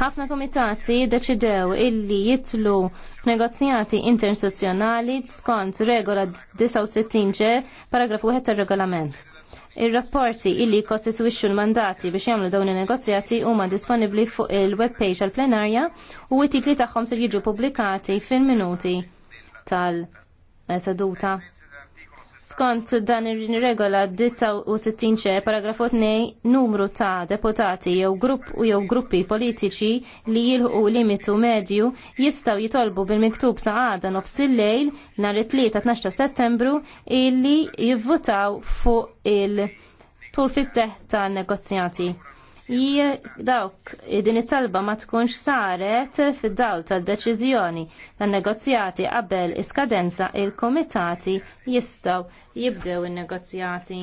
Ħafna komitati deċidew illi jitlu f'negozjati internazzjonali skont regola 69 ġe paragraf 1 tar-regolament. Ir-rapporti illi kostituixxu l-mandati biex jagħmlu dawn in-negozjati huma disponibbli fuq il-webpage għall plenarja u t-titli tagħhom se jiġu pubblikati fil-minuti tal-seduta skont dan ir-regola 69 ċe paragrafu 2 numru ta' deputati jew grupp u jew gruppi politiċi li jilħu limitu medju jistaw jitolbu bil-miktub sa' għada nofs il-lejl nhar it-3 12 settembru illi jivvutaw fuq il-tul fit seħħ ta' negozjati dawk din it-talba ma tkunx saret fid-dawl tad-deċiżjoni tan-negozjati qabel iskadenza il-komitati jistgħu jibdew in-negozjati.